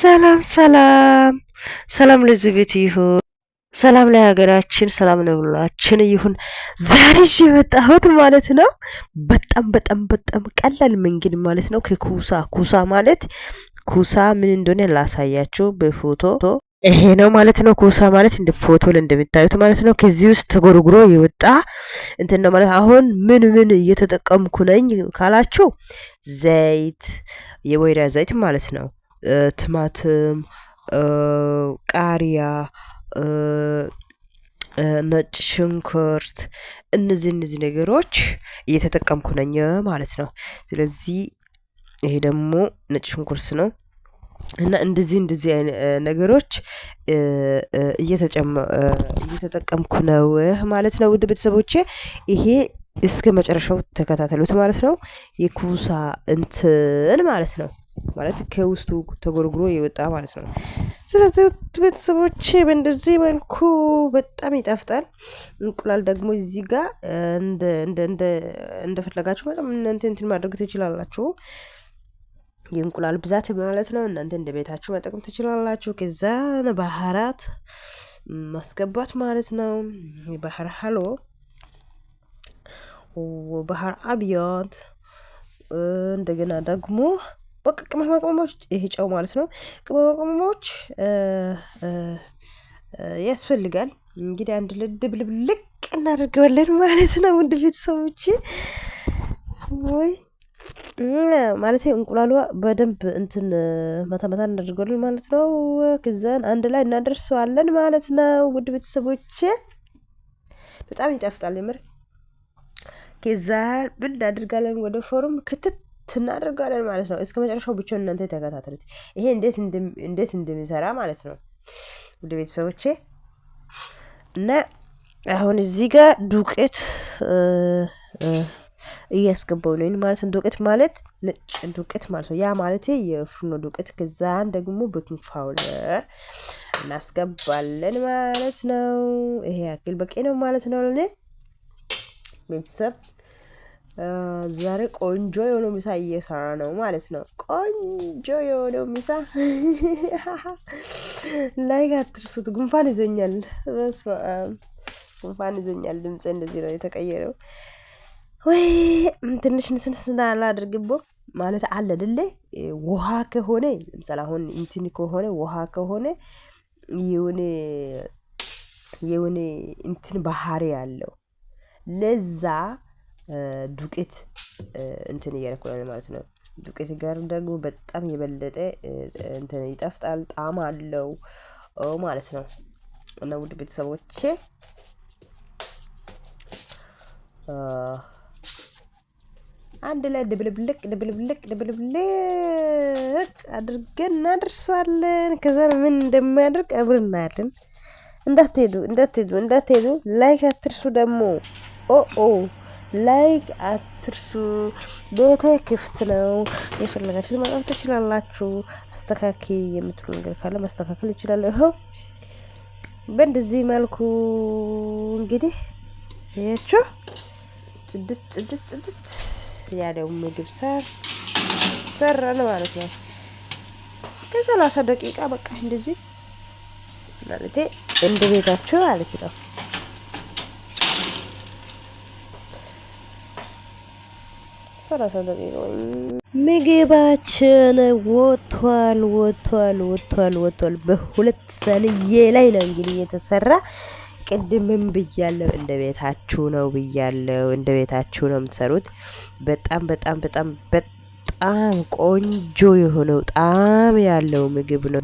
ሰላም ሰላም ሰላም ለዚህ ቤት ይሁን፣ ሰላም ለሀገራችን፣ ሰላም ለሁላችን ይሁን። ዛሬ የመጣሁት ማለት ነው በጣም በጣም በጣም ቀላል መንገድ ማለት ነው ከኩሳ ኩሳ ማለት ኩሳ ምን እንደሆነ ላሳያችሁ በፎቶ ይሄ ነው ማለት ነው። ኩሳ ማለት እንደ ፎቶ ላይ እንደምታዩት ማለት ነው። ከዚህ ውስጥ ተጎርጉሮ የወጣ እንትን ነው ማለት አሁን ምን ምን እየተጠቀምኩ ነኝ ካላችሁ ዘይት፣ የወይራ ዘይት ማለት ነው። ትማትም ቃሪያ ነጭ ሽንኩርት እነዚህ እነዚህ ነገሮች እየተጠቀምኩ ነኝ ማለት ነው። ስለዚህ ይሄ ደግሞ ነጭ ሽንኩርት ነው። እና እንደዚህ እንደዚህ ነገሮች እየተጠቀምኩ ነው ማለት ነው። ውድ ቤተሰቦቼ ይሄ እስከ መጨረሻው ተከታተሉት ማለት ነው። የኩሳ እንትን ማለት ነው ማለት ከውስጡ ተጎርጉሮ የወጣ ማለት ነው። ስለዚህ ቤተሰቦቼ በእንደዚህ መልኩ በጣም ይጣፍጣል። እንቁላል ደግሞ እዚህ ጋር እንደፈለጋችሁ በጣም እናንተ እንትን ማድረግ ትችላላችሁ። የእንቁላል ብዛት ማለት ነው። እናንተ እንደ ቤታችሁ መጠቀም ትችላላችሁ። ከዛን ባህራት ማስገባት ማለት ነው። ባህር ሀሎ፣ ባህር አብያት እንደገና ደግሞ በቃ ቅመማ ቅመሞች ይሄ ጨው ማለት ነው። ቅመማ ቅመሞች ያስፈልጋል። እንግዲህ አንድ ድብልቅልቅ እናደርገዋለን ማለት ነው። ውድ ቤተሰቦቼ ወይ ማለት እንቁላሏ በደንብ እንትን መታመታ እናደርገዋለን ማለት ነው። ከዛን አንድ ላይ እናደርሰዋለን ማለት ነው። ውድ ቤተሰቦቼ በጣም ይጣፍጣል የምር። ከዛ ብል እናደርጋለን ወደ ፎርም ክትት እናደርጋለን ማለት ነው። እስከ መጨረሻው ብቻውን እናንተ ተከታተሉት። ይሄ እንዴት እንደሚሰራ ማለት ነው ውድ ቤተሰቦቼ እና አሁን እዚህ ጋር ዱቄት እያስገባው ነው ማለት ነው። ዱቄት ማለት ነጭ ዱቄት ማለት ነው። ያ ማለት የፍርኖ ዱቄት። ከዛን ደግሞ ቤኪንግ ፓውደር እናስገባለን ማለት ነው። ይሄ ያክል በቂ ነው ማለት ነው ለኔ ቤተሰብ ዛሬ ቆንጆ የሆነው ምሳ እየሰራ ነው ማለት ነው። ቆንጆ የሆነው ምሳ ላይክ አትርሱት። ጉንፋን ይዘኛል፣ ጉንፋን ይዘኛል። ድምፅ እንደዚህ ነው የተቀየረው። ወይ ትንሽ ንስንስ ላድርግቦ ማለት አለ አይደለ? ውሃ ከሆነ ለምሳሌ አሁን እንትን ከሆነ ውሃ ከሆነ የሆነ የሆነ እንትን ባህሪ ያለው ለዛ ዱቄት እንትን እያደረኩ ማለት ነው። ዱቄት ጋር ደግሞ በጣም የበለጠ እንትን ይጠፍጣል ጣዕም አለው ማለት ነው። እና ውድ ቤተሰቦቼ አንድ ላይ ድብልብልቅ ድብልብልቅ ድብልብልቅ አድርገን እናደርሰዋለን። ከዛ ምን እንደሚያደርግ አብረን እናያለን። እንዳትሄዱ እንዳትሄዱ እንዳትሄዱ። ላይክ አትርሱ ደግሞ ኦ ኦ ላይክ አትርሱ። ቤተ ክፍት ነው፣ የፈለጋችሁ መጻፍ ትችላላችሁ። አስተካኪ የምትሉ ነገር ካለ ማስተካከል ይችላለሁ። ይኸው በእንደዚህ መልኩ እንግዲህ ያቸው ጽድት ጽድት ጽድት ያለው ምግብ ሰር ሰራን ማለት ነው። ከሰላሳ ደቂቃ በቃ እንደዚህ ማለቴ እንደ ቤታችሁ ማለት ነው። ሰላሳ ምግባችን ወጥቷል ወጥቷል ወጥቷል ወጥቷል። በሁለት ሰንዬ ላይ ነው እንግዲህ የተሰራ። ቅድምም ብያለው እንደ ቤታችሁ ነው ብያለው፣ እንደ ቤታችሁ ነው የምትሰሩት። በጣም በጣም በጣም በጣም ቆንጆ የሆነው ጣዕም ያለው ምግብ ነው።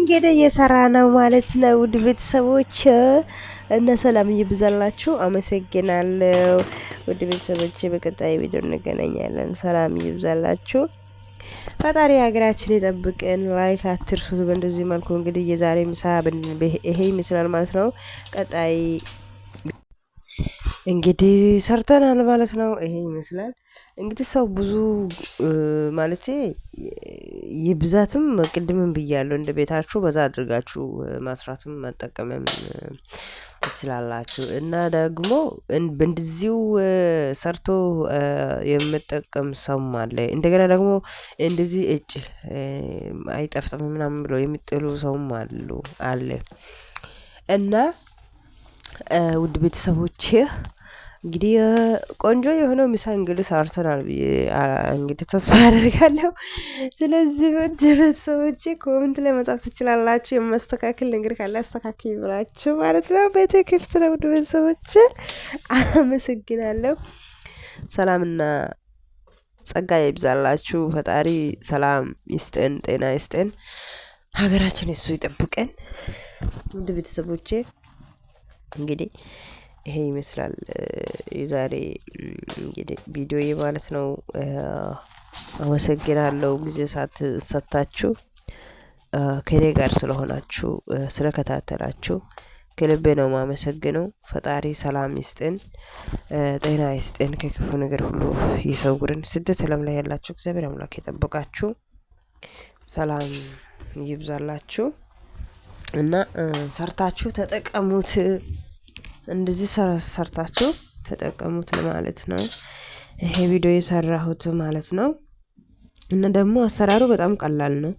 እንግዲህ እየሰራ ነው ማለት ነው። ውድ ቤተሰቦች እነ ሰላም ይብዛላችሁ። አመሰግናለሁ ውድ ቤተሰቦች፣ በቀጣይ ቪዲዮ እንገናኛለን። ሰላም ይብዛላችሁ። ፈጣሪ ሀገራችን የጠብቅን። ላይክ አትርሱ። በእንደዚህ መልኩ እንግዲህ የዛሬ ምሳ ይሄ ይመስላል ማለት ነው። ቀጣይ እንግዲህ ሰርተናል ማለት ነው። ይሄ ይመስላል። እንግዲህ ሰው ብዙ ማለቴ የብዛትም ቅድምም ብያለሁ እንደ ቤታችሁ በዛ አድርጋችሁ ማስራትም መጠቀምም ትችላላችሁ። እና ደግሞ እንደዚሁ ሰርቶ የምጠቀም ሰውም አለ እንደገና ደግሞ እንደዚህ እጭ አይጠፍጥም ምናምን ብሎ የሚጥሉ ሰውም አሉ አለ። እና ውድ ቤተሰቦች። እንግዲህ ቆንጆ የሆነው ምሳ እንግዲህ ሰርተናል እንግዲህ ተስፋ አደርጋለሁ። ስለዚህ ውድ ቤተሰቦቼ ኮመንት ላይ መጻፍ ትችላላችሁ። የማስተካከል ነገር ካለ አስተካክል ብላችሁ ማለት ነው። ቤቴ ክፍት ነው። ውድ ቤተሰቦቼ አመሰግናለሁ። ሰላምና ጸጋ ይብዛላችሁ። ፈጣሪ ሰላም ይስጠን፣ ጤና ይስጠን፣ ሀገራችን እሱ ይጠብቀን። ውድ ቤተሰቦቼ እንግዲህ ይሄ ይመስላል የዛሬ እንግዲህ ቪዲዮዬ ማለት ነው። አመሰግናለሁ ጊዜ ሰዓት ሰጥታችሁ ከኔ ጋር ስለሆናችሁ ስለከታተላችሁ ከልቤ ነው ማመሰግነው። ፈጣሪ ሰላም ይስጥን፣ ጤና ይስጥን፣ ከክፉ ነገር ሁሉ ይሰውርን። ስደት ዓለም ላይ ያላችሁ እግዚአብሔር አምላክ የጠበቃችሁ ሰላም ይብዛላችሁ እና ሰርታችሁ ተጠቀሙት። እንደዚህ ሰርታችሁ ተጠቀሙት ማለት ነው። ይሄ ቪዲዮ የሰራሁት ማለት ነው። እና ደግሞ አሰራሩ በጣም ቀላል ነው።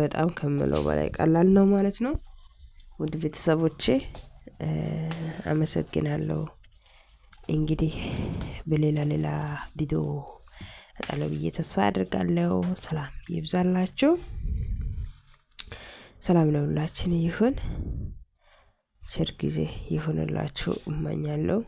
በጣም ከምለው በላይ ቀላል ነው ማለት ነው። ውድ ቤተሰቦቼ አመሰግናለሁ። እንግዲህ በሌላ ሌላ ቪዲዮ እጣለሁ ብዬ ተስፋ አድርጋለሁ። ሰላም ይብዛላችሁ። ሰላም ለሁላችን ይሁን። ቸር ጊዜ ይሆንላችሁ እመኛለሁ።